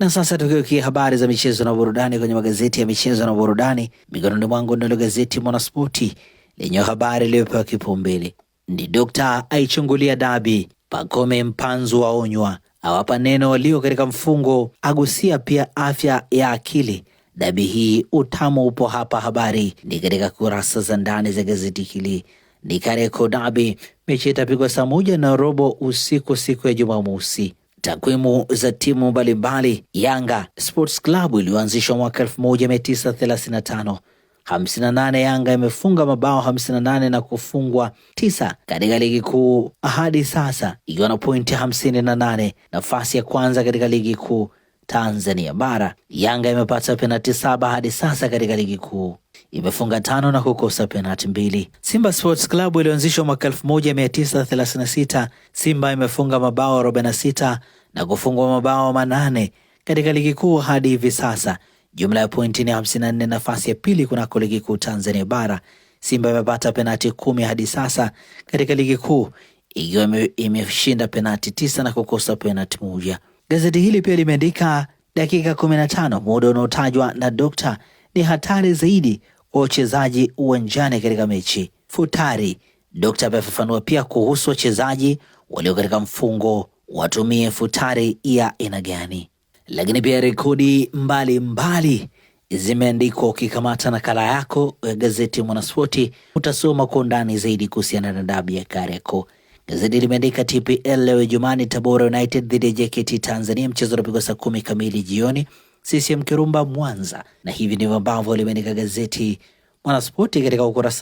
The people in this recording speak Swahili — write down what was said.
Na sasa tukiukia habari za michezo na burudani kwenye magazeti ya michezo na burudani, mikononi mwangu ndilo gazeti Mwanaspoti lenye habari iliyopewa kipaumbele ni Dokta aichungulia dabi, Pacome Mpanzu waonywa, awapa neno walio katika mfungo, agusia pia afya ya akili. Dabi hii utamu upo hapa, habari ni katika kurasa za ndani za gazeti hili. Ni Kareko dabi, mechi itapigwa saa moja na robo usiku siku ya Jumamosi. Takwimu za timu mbalimbali. Yanga Sports Club iliyoanzishwa mwaka 1935 58 Yanga imefunga mabao 58 na kufungwa tisa katika ligi kuu hadi sasa ikiwa na pointi 58, nafasi ya kwanza katika ligi kuu Tanzania bara. Yanga imepata penati saba hadi sasa katika ligi kuu, imefunga tano na kukosa penati mbili. Simba Sports Club iliyoanzishwa mwaka 1936, Simba imefunga mabao 46 na kufungwa mabao manane katika ligi kuu hadi hivi sasa. Jumla ya pointi ni 54. Nafasi ya pili kunako ligi kuu Tanzania Bara, Simba imepata penati kumi hadi sasa katika ligi kuu ikiwa imeshinda penati tisa na kukosa penati moja. Gazeti hili pia limeandika dakika 15, muda unaotajwa na Dokta ni hatari zaidi kwa wachezaji uwanjani katika mechi futari. Dokta amefafanua pia kuhusu wachezaji walio katika mfungo watumie futari ya aina gani. Lakini pia rekodi mbalimbali zimeandikwa. Ukikamata nakala yako ya gazeti Mwanaspoti utasoma kwa undani zaidi kuhusiana na dabi ya Kariakoo. Gazeti limeandika TPL leo Jumani, Tabora United dhidi ya JKT Tanzania, mchezo unapigwa saa kumi kamili jioni CCM Kirumba Mwanza, na hivi ndivyo ambavyo limeandika gazeti Mwanaspoti katika ukurasa